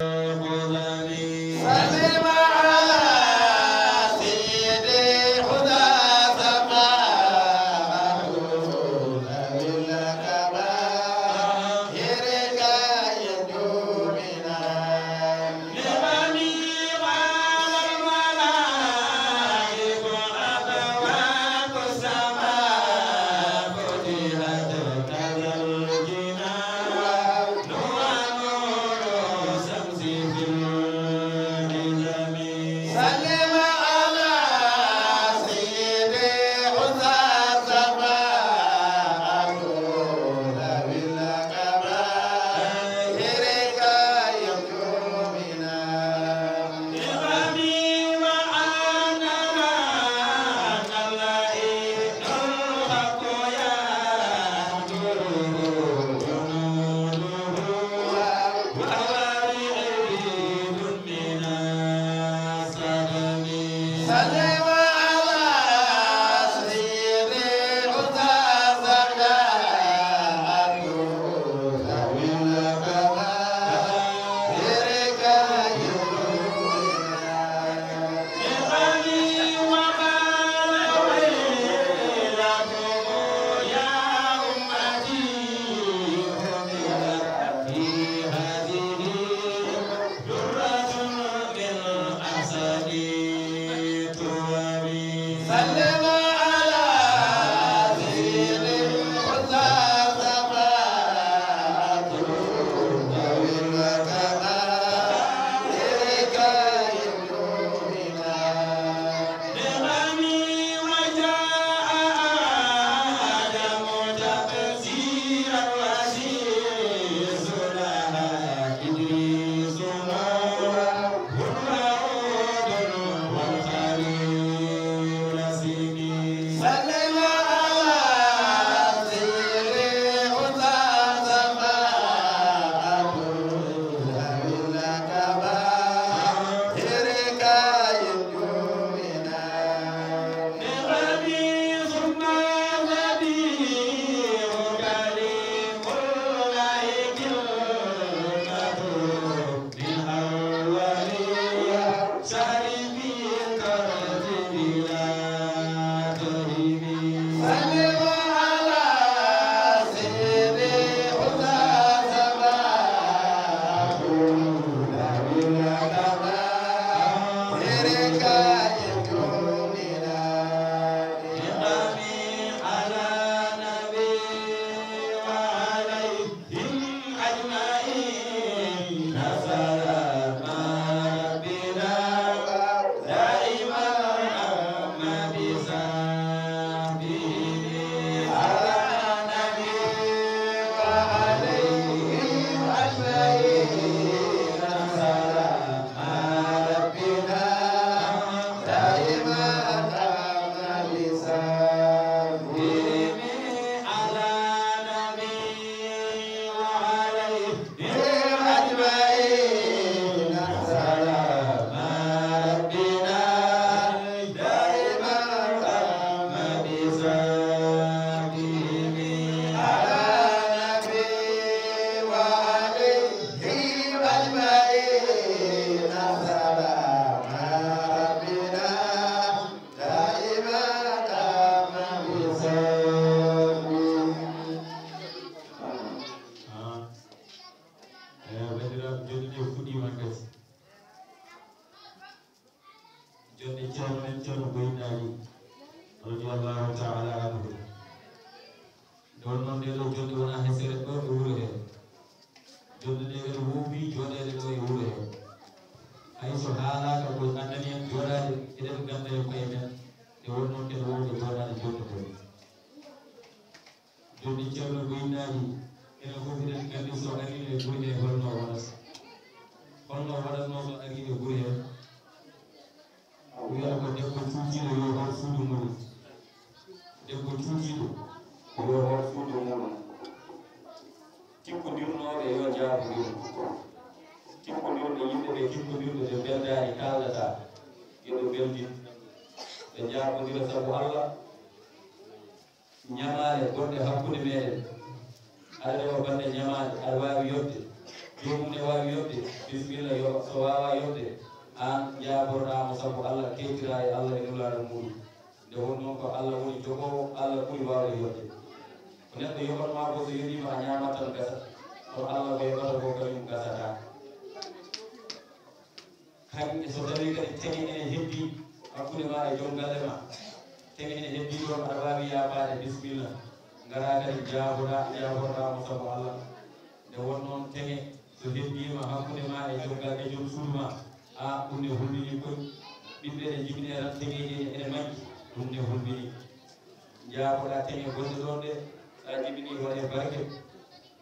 Amen. Allahu Taala anhu. Dorman dero jotu na hesere ko ure. Jotu dero wubi jodere ko ure. Ay so hala ka ko andani jodare ere ko gande ko yemen. E wonno ke wubi jodare jotu ko. Jotu cewlo guinani ene ko bidan gande so ani le gune holno wonas. Holno wonas no ari le gune. Wiya ko debbo tujino yo har fudu mun. debbo tuutiiɗo yo hen fuuɗo muɗum tikkodirnooɓe yo jaabodir tikkodirɗo yimɓe ɓe tikkodirɗo ɓe beldaani kaldata yoɓe beldin ɓe jaabodira sabu allah ñamaale gonɗe hakkunde meeɗen aɗa rewa bande ñamaade aɗa waawi yoɓde jomumne waawi yoɓde bisimilla yo so waawa yoɓde aan jaabornaamo sabu allah keetiraa e allah e nulaaɗo muɗum nde wonno ko allah woni jogowo allah ɓuuri wawde yode ko neɗɗo yoɓatma ko so yonima ñamat tan gasa ko allah weɓata ko kañum gasata kañe so tawi kadi tegi ene heddi hakkude ma e joom galle ma tegi ene heddi ɗon aɗa wawi yabade bisimilla gara kadi jaboɗa jaboɗamo saabu allah nde won noon tege so heddima hakkude ma e jogga e joom suuduma a ɗumne hundini koy ɓiɓɓe ɗe jibine tan e tegeji e ene majji ɗum ne hunde jaakoɗa teñe gonnoɗon de sa jibini hoɗe barke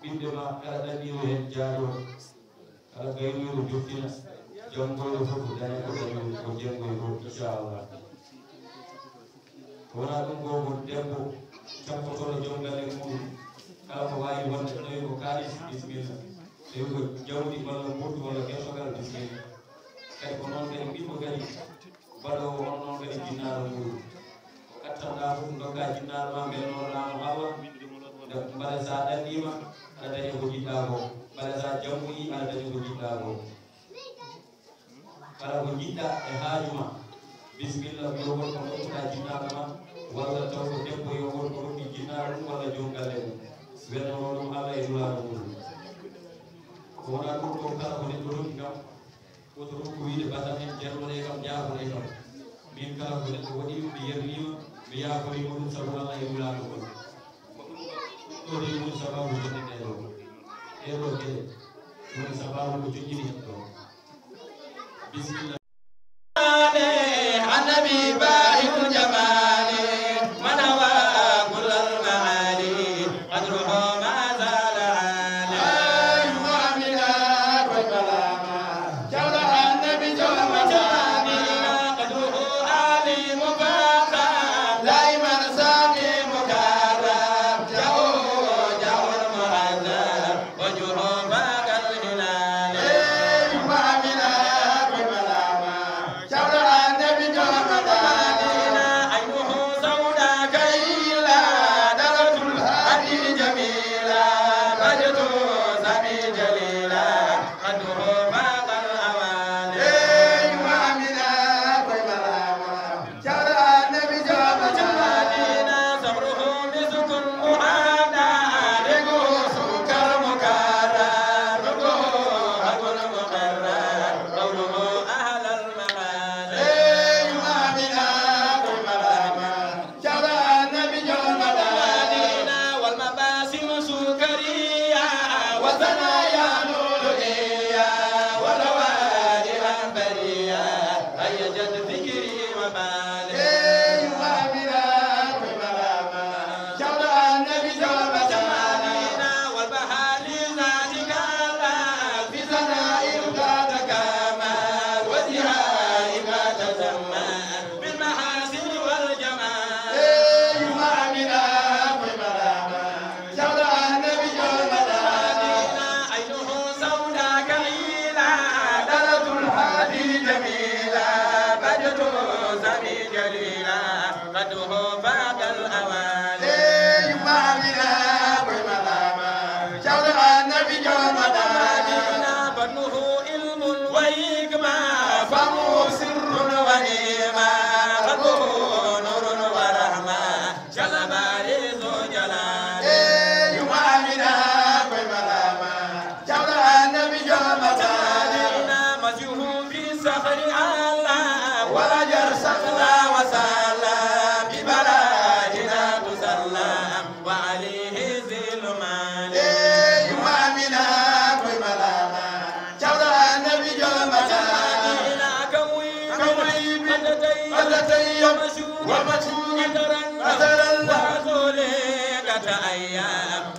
ɓiɗɗe ma kala ɗaɓiro hen jaaɗo kala gayniro jottina jangoyo fof dañe ko dañi ko jengoy ko inchallah wona ɗum gogon debbo cappotoɗo joom galle muɗum kala ko wawi wonde tawi e ko kalis bisimilla tawi e ko jawdi walla mbuddu walla gesogal bisimilla kadi ko noon kadi mbimo kadi mbaɗowo won noon kadi jinnaɗo muɗum gartanga fof dokka jinnaɗoma mbelnoɗama hawa de mbaɗa sa ɗanɗima aɗa dañi ko jiɗɗa ko mbaɗa sa jambuyi aɗa dañi ko jiɗɗa ko kala ko jiɗɗa e haajuma bisimilla jogol ko ɗoɗɗuɗa jinnaɗoma walla taw ko debbo yogol ko ɗoɗɗi jinnaɗo ɗum walla jongalle ɗum welnono ɗum allah e dulaɗo ɗum ko wona ɗum ko kala ko neɗɗo ɗoɗɗi kam woto ɗum ko wiide basan hen jerloɗe kam jaafoɗe kam min kala ko neɗɗo waɗi mi yerlima वियाकरी मुनु सर्वना युला को तो रे मुनु सभा मुझे ने रो ये लोग के मुनु सभा मुझे नहीं हतो बिस्मिल्लाह يدي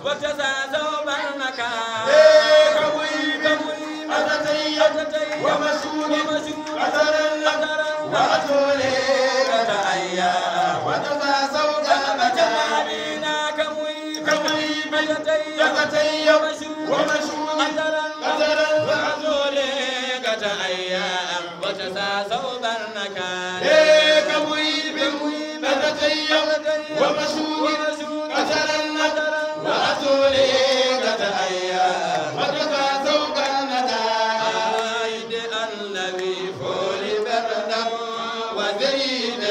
وتزادوا برنكا كوي كوي أتتي ومسؤول أترا وأتولي أتأيا وتزادوا جابتا كوي كوي أتتي ومسؤول أترا وأتولي أتأيا وتزادوا برنكا كوي كوي أتتي ومسؤول الذي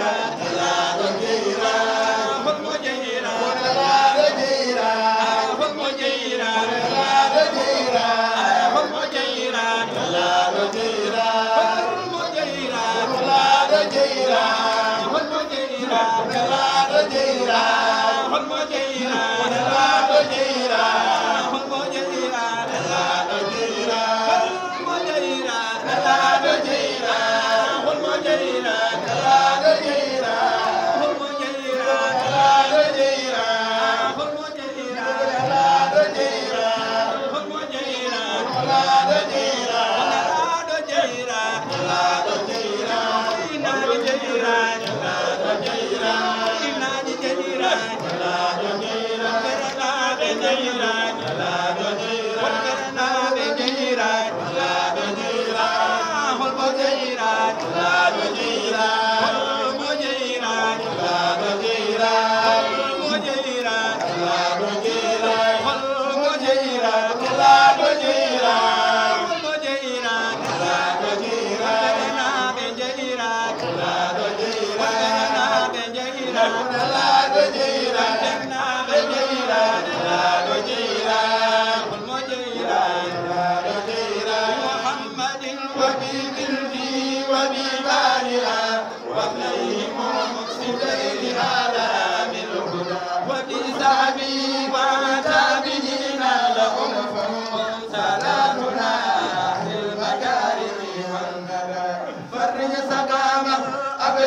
إله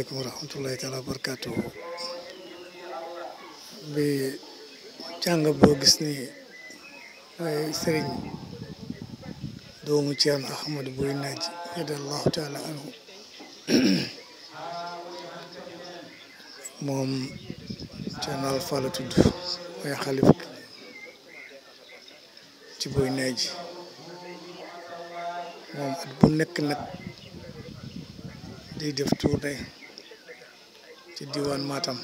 asalaamaaleykum wa rahmatulahi taala wa barakaatuhu bi jàng boo gis ni ay sëriñ doomu Ceerno Ahmadu Buy Naaj radiyallahu taala anhu moom Ceerno Alfa tudd mooy xalif ci Buy Naaj moom at bu nekk nag day def tournée ci diwan Matam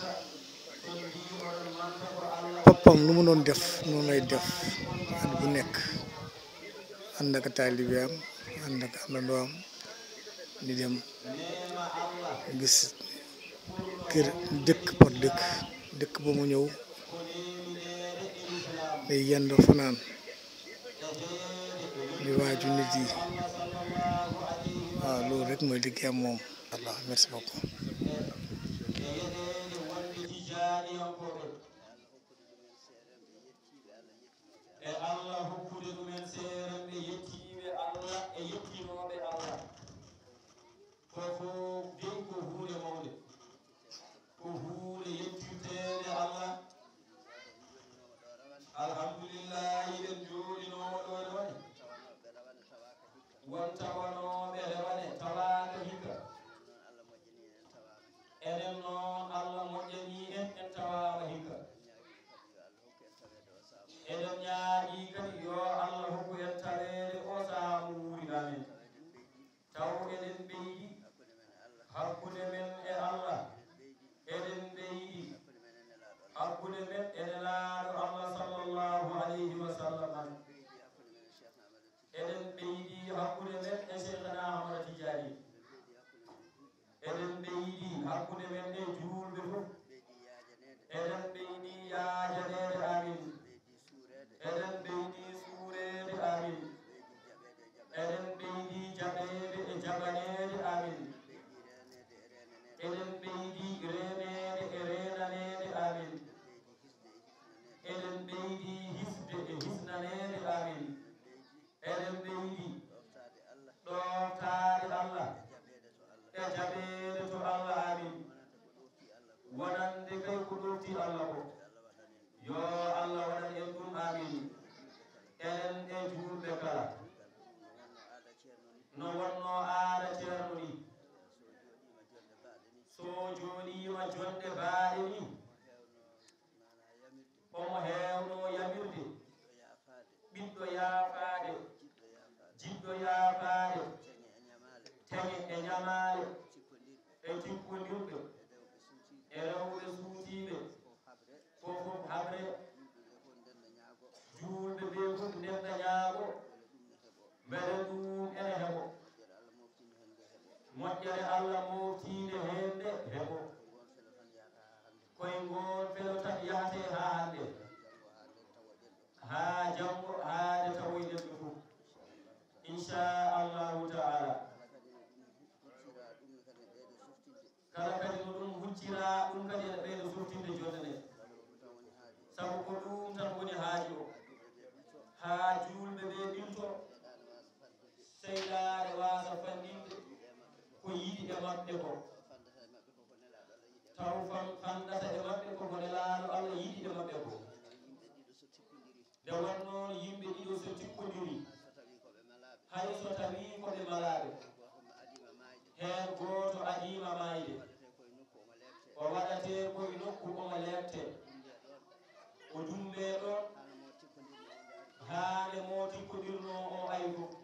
papam lu mu doon def noonu lay def at bu nek ànd ak taalibeem ànd ak àndandoom di dem gis keur dekk par dekk dekk bu mu ñëw day yend fanaan di waju nit yi ah loolu rek mooy liggéeyam mom allah merci beaucoup yeneede wallitii jaaniyankoɓen e, e allah hokkude ɗumen seeran ɓe yettiiɓe allah e yettinooɓe allah আর গুণের এনএলআর আমরা ha julɓe ɓe ɗinto sey laare wasa fanninde ko yiɗi e maɓɓe ko taw fan fanɗata e maɓɓe ko kone laalo allah yiɗi e maɓɓe ko nde wonnoon yimɓe ɗiɗo so tikkodiri hay so tawi koɓe malaɓe heen gooto adima mayde o waɗate koye nokku omo lebte o jumɓe ɗon haade mootikkodirnoo o aygo